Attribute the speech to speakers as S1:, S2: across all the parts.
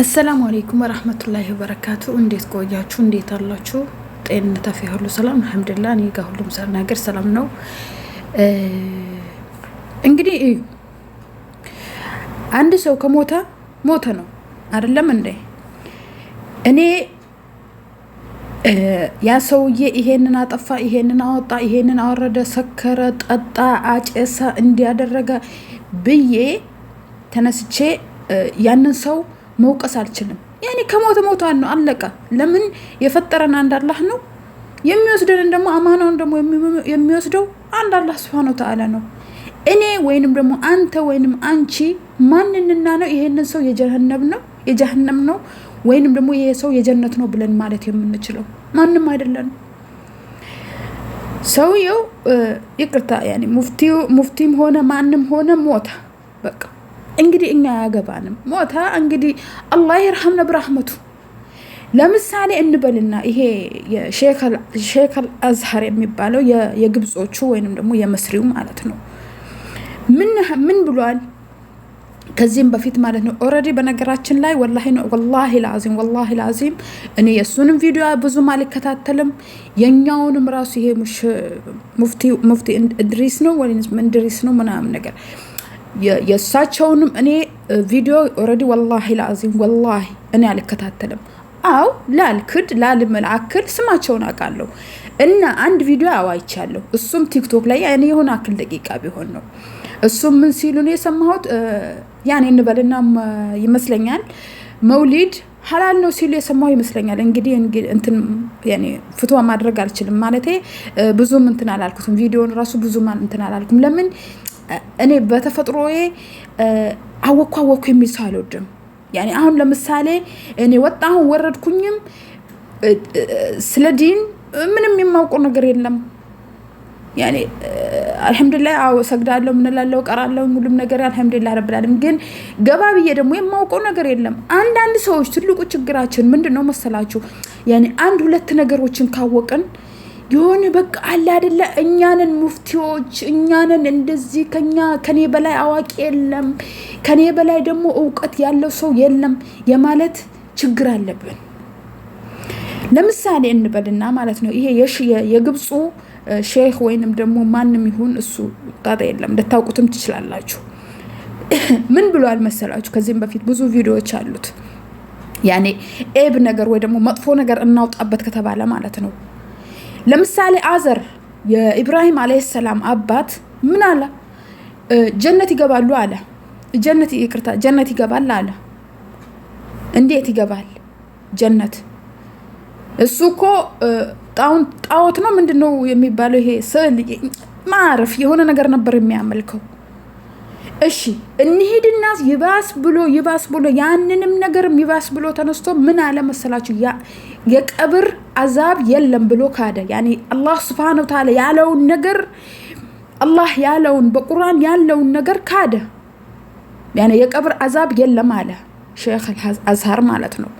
S1: አሰላሙ አሌይኩም ወረህመቱላሂ ወበረካቱ። እንዴት ቆያችሁ? እንዴት አላችሁ? ጤንነት አፍ ሁሉ ሰላም አልሐምዱሊላህ። እኔ ጋር ሁሉም ነገር ሰላም ነው። እንግዲህ እዩ አንድ ሰው ከሞተ ሞተ ነው አይደለም እንዴ? እኔ ያ ሰውዬ ይሄንን አጠፋ፣ ይሄንን አወጣ፣ ይሄንን አወረደ፣ ሰከረ፣ ጠጣ፣ አጨሳ፣ እንዲያደረገ ብዬ ተነስቼ ያንን ሰው መውቀስ አልችልም። ያኔ ከሞተ ሞቷን ነው አለቀ። ለምን የፈጠረን አንድ አላህ ነው። የሚወስደንን ደግሞ አማናውን ደግሞ የሚወስደው አንድ አላህ ስብሃነ ተዓላ ነው። እኔ ወይንም ደግሞ አንተ ወይንም አንቺ ማንንና ነው ይሄንን ሰው የጀሀነም ነው የጀሀነም ነው ወይንም ደግሞ ይሄ ሰው የጀነት ነው ብለን ማለት የምንችለው ማንም አይደለንም። ሰውየው ይቅርታ ሙፍቲም ሆነ ማንም ሆነ ሞታ በቃ እንግዲህ እኛ አያገባንም። ሞታ እንግዲህ አላህ ይርሐምነ ብራህመቱ። ለምሳሌ እንበልና ይሄ ሼክ አዝሀር የሚባለው የግብጾቹ ወይንም ደግሞ የመስሪው ማለት ነው። ምን ብሏል? ከዚህም በፊት ማለት ነው ኦልሬዲ በነገራችን ላይ ወላሂ ወላሂ ላዚም ወላሂ ላዚም እኔ የእሱንም ቪዲዮ ብዙም አልከታተልም። የእኛውንም ራሱ ይሄ ሙፍቲ እድሪስ ነው ወይም እንድሪስ ነው ምናምን ነገር የእሳቸውንም እኔ ቪዲዮ ኦልሬዲ ወላሂ ላዚም ወላሂ እኔ አልከታተልም። አው ላልክድ ላልመላአክል ስማቸውን አውቃለሁ እና አንድ ቪዲዮ አዋይቻለሁ። እሱም ቲክቶክ ላይ እኔ የሆነ አክል ደቂቃ ቢሆን ነው። እሱም ምን ሲሉ ነው የሰማሁት? ያኔ እንበልና ይመስለኛል መውሊድ ሀላል ነው ሲሉ የሰማሁ ይመስለኛል። እንግዲህ እንትን ማድረግ አልችልም ማለት ብዙም እንትን አላልኩትም። ቪዲዮን ራሱ ብዙም እንትን አላልኩም። ለምን እኔ በተፈጥሮዬ አወኩ አወኩ የሚል ሰው አልወድም። ያኔ አሁን ለምሳሌ እኔ ወጣሁን ወረድኩኝም ስለ ዲን ምንም የማውቀው ነገር የለም። ያኔ አልሐምዱሊላህ አዎ ሰግዳለሁ፣ ምንላለው፣ ቀራለሁ፣ ሁሉም ነገር አልሐምዱሊላህ ረብላለም። ግን ገባ ብዬ ደግሞ የማውቀው ነገር የለም። አንዳንድ ሰዎች ትልቁ ችግራችን ምንድን ነው መሰላችሁ? ያኔ አንድ ሁለት ነገሮችን ካወቅን የሆነ በቃ አለ አይደለ እኛንን ሙፍቲዎች እኛንን እንደዚህ ከኛ ከኔ በላይ አዋቂ የለም፣ ከኔ በላይ ደግሞ እውቀት ያለው ሰው የለም የማለት ችግር አለብን። ለምሳሌ እንበልና ማለት ነው ይሄ የግብፁ ሼክ ወይንም ደግሞ ማንም ይሁን እሱ ጣጣ የለም፣ ልታውቁትም ትችላላችሁ። ምን ብሏል መሰላችሁ? ከዚህም በፊት ብዙ ቪዲዮዎች አሉት። ያኔ ኤብ ነገር ወይ ደግሞ መጥፎ ነገር እናውጣበት ከተባለ ማለት ነው ለምሳሌ አዘር የኢብራሂም አለይሂ ሰላም አባት ምን አለ? ጀነት ይገባሉ አለ። ጀነት ይቅርታ፣ ጀነት ይገባል አለ። እንዴት ይገባል ጀነት? እሱ እኮ ጣዖት ነው ምንድን ነው የሚባለው? ይሄ ስዕል ማረፍ የሆነ ነገር ነበር የሚያመልከው። እሺ እንሂድና ይባስ ብሎ ይባስ ብሎ ያንንም ነገርም ይባስ ብሎ ተነስቶ ምን አለ መሰላችሁ የቀብር አዛብ የለም ብሎ ካደ። ያኔ አላህ ስብሓነ ወተዓላ ያለውን ነገር አላህ ያለውን በቁርአን ያለውን ነገር ካደ። ያኔ የቀብር አዛብ የለም አለ ሼክ አልአዝሀር ማለት ነው።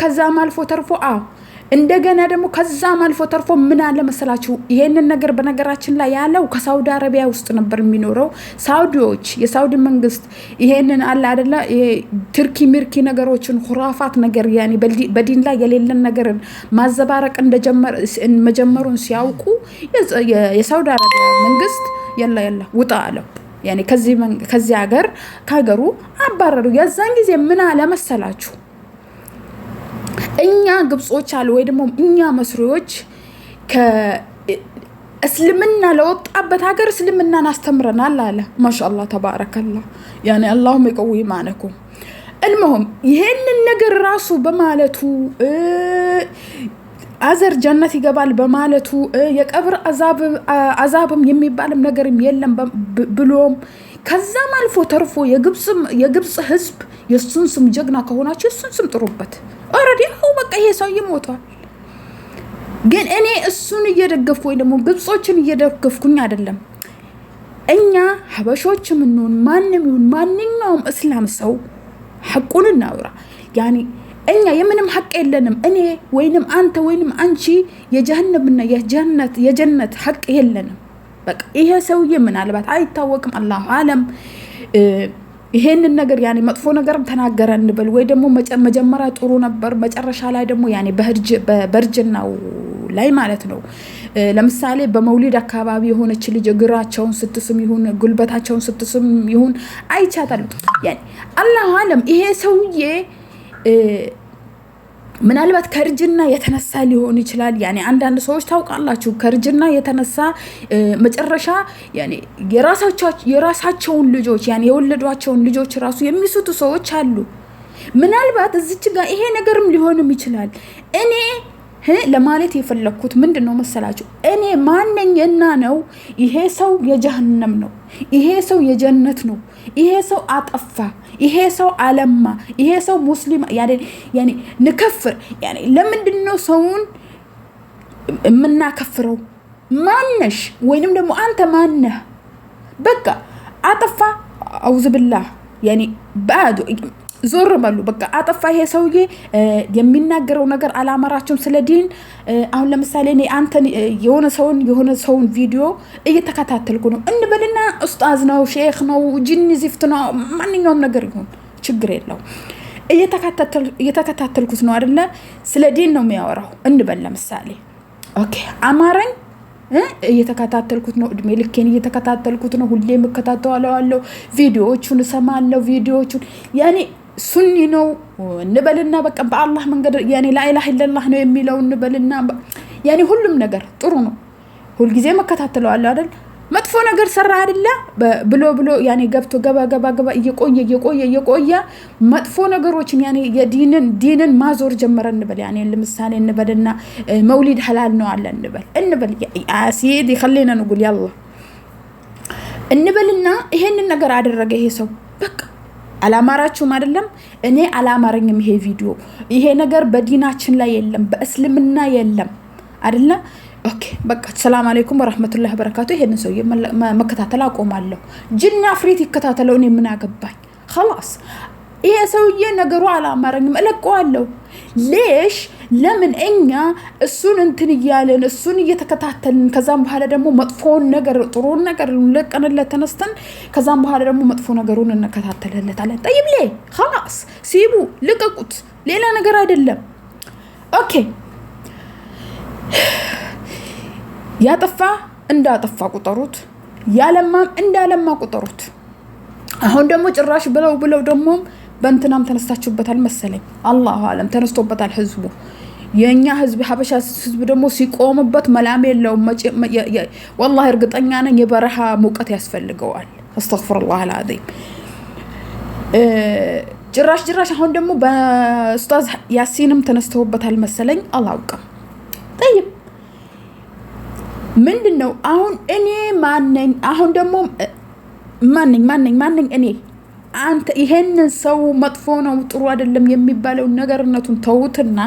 S1: ከዛም አልፎ ተርፎ እንደገና ደግሞ ከዛም አልፎ ተርፎ ምን አለ መሰላችሁ፣ ይሄንን ነገር በነገራችን ላይ ያለው ከሳውዲ አረቢያ ውስጥ ነበር የሚኖረው። ሳውዲዎች፣ የሳውዲ መንግስት ይሄንን አለ አደለ ትርኪ ምርኪ ነገሮችን ሁራፋት ነገር ያኔ በዲን ላይ የሌለን ነገርን ማዘባረቅ መጀመሩን ሲያውቁ የሳውዲ አረቢያ መንግስት የለ የለ ውጣ አለው። ከዚህ ሀገር ከሀገሩ አባረሩ። የዛን ጊዜ ምን አለ መሰላችሁ እኛ ግብጾች አሉ ወይ ደግሞ እኛ መስሪዎች እስልምና ለወጣበት ሀገር እስልምናን አስተምረናል አለ። ማሻአላ ተባረከላ። ያኔ አላሁም የቀዊ ማነኩ እልመሆም ይሄንን ነገር ራሱ በማለቱ አዘር ጀነት ይገባል በማለቱ የቀብር አዛብም የሚባልም ነገርም የለም ብሎም ከዛም አልፎ ተርፎ የግብፅ ህዝብ የእሱን ስም ጀግና ከሆናችሁ እሱን ስም ጥሩበት። ኦልሬዲ አሁ በቃ ይሄ ሰው ሞቷል። ግን እኔ እሱን እየደገፍኩ ወይ ደግሞ ግብፆችን እየደገፍኩኝ አይደለም። እኛ ሀበሾች የምንሆን ማንም ይሁን ማንኛውም እስላም ሰው ሐቁን እናውራ ያኔ እኛ የምንም ሀቅ የለንም። እኔ ወይንም አንተ ወይንም አንቺ የጀሃነምና የጀነት የጀነት ሀቅ የለንም። በቃ ይሄ ሰውዬ ምናልባት አይታወቅም፣ አላሁ አለም ይሄንን ነገር ያኔ መጥፎ ነገርም ተናገረ እንበል ወይ ደግሞ መጀመሪያ ጥሩ ነበር፣ መጨረሻ ላይ ደግሞ ያኔ በእርጅናው ላይ ማለት ነው። ለምሳሌ በመውሊድ አካባቢ የሆነች ልጅ እግራቸውን ስትስም ይሁን ጉልበታቸውን ስትስም ይሁን አይቻታል። አላሁ አለም ይሄ ሰውዬ ምናልባት ከእርጅና የተነሳ ሊሆን ይችላል። ያኔ አንዳንድ ሰዎች ታውቃላችሁ፣ ከእርጅና የተነሳ መጨረሻ የራሳቸውን ልጆች ያኔ የወለዷቸውን ልጆች ራሱ የሚስቱ ሰዎች አሉ። ምናልባት እዚች ጋር ይሄ ነገርም ሊሆንም ይችላል። እኔ ለማለት የፈለግኩት ምንድን ነው መሰላችሁ? እኔ ማነኝና ነው ይሄ ሰው የጀሀነም ነው፣ ይሄ ሰው የጀነት ነው ይሄ ሰው አጠፋ፣ ይሄ ሰው አለማ፣ ይሄ ሰው ሙስሊም ንከፍር። ለምንድን ነው ሰውን የምናከፍረው? ማነሽ? ወይንም ደግሞ አንተ ማነህ? በቃ አጠፋ አውዝብላህ ባዶ ዞር በሉ በቃ አጠፋ። ይሄ ሰውዬ የሚናገረው ነገር አላማራቸውም። ስለ ዲን አሁን ለምሳሌ እኔ አንተን የሆነ ሰውን የሆነ ሰውን ቪዲዮ እየተከታተልኩ ነው እንበልና ኡስጣዝ ነው ሼክ ነው ጂኒ ዚፍት ነው ማንኛውም ነገር ይሁን ችግር የለው እየተከታተልኩት ነው አደለ። ስለ ዲን ነው የሚያወራው እንበል ለምሳሌ ኦኬ፣ አማረኝ እየተከታተልኩት ነው። እድሜ ልኬን እየተከታተልኩት ነው። ሁሌ የምከታተዋለዋለሁ። ቪዲዮዎቹን እሰማለው ቪዲዮዎቹን ያኔ ሱኒ ነው እንበልና በቃ በአላህ መንገድ ያኔ ላኢላሃ ኢለላህ ነው የሚለው እንበልና ያኔ ሁሉም ነገር ጥሩ ነው። ሁልጊዜ መከታተለዋለሁ አይደል? መጥፎ ነገር ሰራ አይደለ? ብሎ ብሎ ያኔ ገብቶ ገባ ገባ ገባ እየቆየ እየቆየ እየቆየ መጥፎ ነገሮችን ያኔ የዲንን ዲንን ማዞር ጀመረ እንበል። ያኔ ለምሳሌ እንበልና መውሊድ ሀላል ነው አለ እንበል እንበል ሲድ ይኸሌና ንጉል ያላ እንበልና ይሄንን ነገር አደረገ ይሄ ሰው በቃ አላማራችሁም አይደለም? እኔ አላማረኝም። ይሄ ቪዲዮ ይሄ ነገር በዲናችን ላይ የለም፣ በእስልምና የለም አይደለም። ኦኬ በቃ ሰላም አለይኩም ወራህመቱላሂ በረካቱ ይሄንን ሰውዬ መከታተል አቆማለሁ። ጅና ፍሬት ይከታተለውን የምን አገባኝ ኸላስ ይሄ ሰውዬ ነገሩ አላማረኝም፣ እለቀዋለሁ። ሌሽ ለምን እኛ እሱን እንትን እያለን እሱን እየተከታተልን ከዛም በኋላ ደግሞ መጥፎውን ነገር ጥሩን ነገር ለቀንለት ተነስተን ከዛም በኋላ ደግሞ መጥፎ ነገሩን እንከታተልለታለን። ጠይብ ሌ ላስ ሲቡ ልቀቁት፣ ሌላ ነገር አይደለም። ኦኬ ያጠፋ እንዳጠፋ ቁጠሩት፣ ያለማም እንዳለማ ቁጠሩት። አሁን ደግሞ ጭራሽ ብለው ብለው ደግሞም በእንትናም ተነስታችሁበታል መሰለኝ፣ አላሁ አለም ተነስቶበታል ህዝቡ። የእኛ ህዝብ ሀበሻ ህዝብ ደግሞ ሲቆምበት መላም የለውም። ወላሂ እርግጠኛ ነኝ የበረሃ ሙቀት ያስፈልገዋል። አስተግፍሩላህ አልዓዚም። ጭራሽ ጭራሽ አሁን ደግሞ በኡስታዝ ያሲንም ተነስተውበታል መሰለኝ አላውቅም። ጠይብ ምንድን ነው አሁን እኔ ማነኝ? አሁን ደግሞ ማነኝ ማነኝ ማነኝ እኔ አንተ ይሄንን ሰው መጥፎ ነው ጥሩ አይደለም የሚባለውን ነገርነቱን ተውትና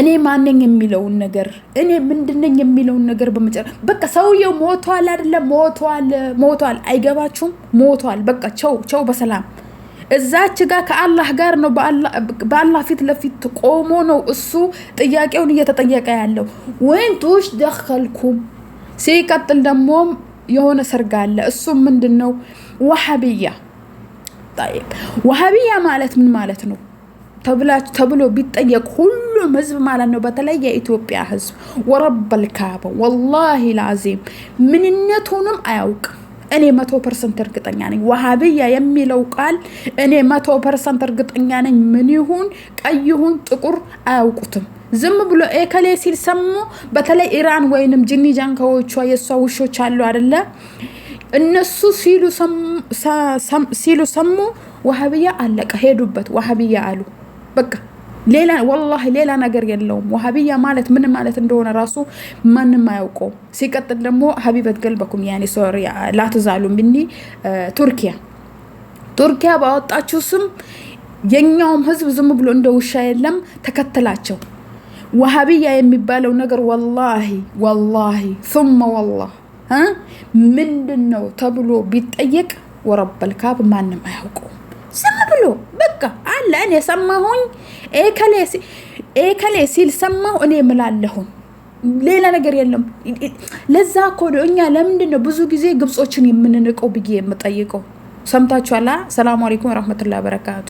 S1: እኔ ማነኝ የሚለውን ነገር እኔ ምንድነኝ የሚለውን ነገር በመጨ በቃ ሰውየው ሞቷል አይደለም ሞቷል ሞቷል አይገባችሁም ሞቷል በቃ ቸው ቸው በሰላም እዛች ጋር ከአላህ ጋር ነው በአላህ ፊት ለፊት ቆሞ ነው እሱ ጥያቄውን እየተጠየቀ ያለው ወይን ቱሽ ደኸልኩም ሲቀጥል ደግሞ የሆነ ሰርግ አለ። እሱም ምንድን ነው ወሀብያ ወሀብያ ማለት ምን ማለት ነው ተብሎ ቢጠየቅ ሁሉም ህዝብ ማለት ነው፣ በተለይ የኢትዮጵያ ህዝብ ወረበል ካባ ወላሂ ላዚም ምንነቱንም አያውቅም። እኔ መቶ ፐርሰንት እርግጠኛ ነኝ። ወሀብያ የሚለው ቃል እኔ መቶ ፐርሰንት እርግጠኛ ነኝ። ምን ይሁን ቀይ ይሁን ጥቁር አያውቁትም። ዝም ብሎ ኤከሌ ሲል ሰሙ። በተለይ ኢራን ወይንም ጅኒ ጃንካዎቿ የእሷ ውሾች አሉ አደለ? እነሱ ሲሉ ሰሙ። ዋሀብያ አለቀ፣ ሄዱበት። ዋሀብያ አሉ በቃ ሌላ ወላሂ ሌላ ነገር የለውም። ዋሀብያ ማለት ምን ማለት እንደሆነ ራሱ ማንም አያውቀውም። ሲቀጥል ደግሞ ሀቢበት ገልበኩም ያኔ ሶሪያ ላትዛሉ ብኒ ቱርኪያ ቱርኪያ ባወጣችሁ ስም የኛውም ህዝብ ዝም ብሎ እንደ ውሻ የለም ተከተላቸው። ወሃቢያ የሚባለው ነገር ወላሂ ወላሂ ሱመ ወላ ምንድን ነው ተብሎ ቢጠየቅ ወረበል ካብ ማንም አያውቀው? ዝም ብሎ በቃ አለ እኔ ሰማሁኝ ኤከሌ ሲል ሰማሁ እኔ ምላለሁም ሌላ ነገር የለም። ለዛ እኮ እኛ ለምንድን ነው ብዙ ጊዜ ግብጾችን የምንንቀው ብዬ የምጠይቀው። ሰምታችኋላ። ሰላሙ አለይኩም ወረህመቱላሂ በረካቱ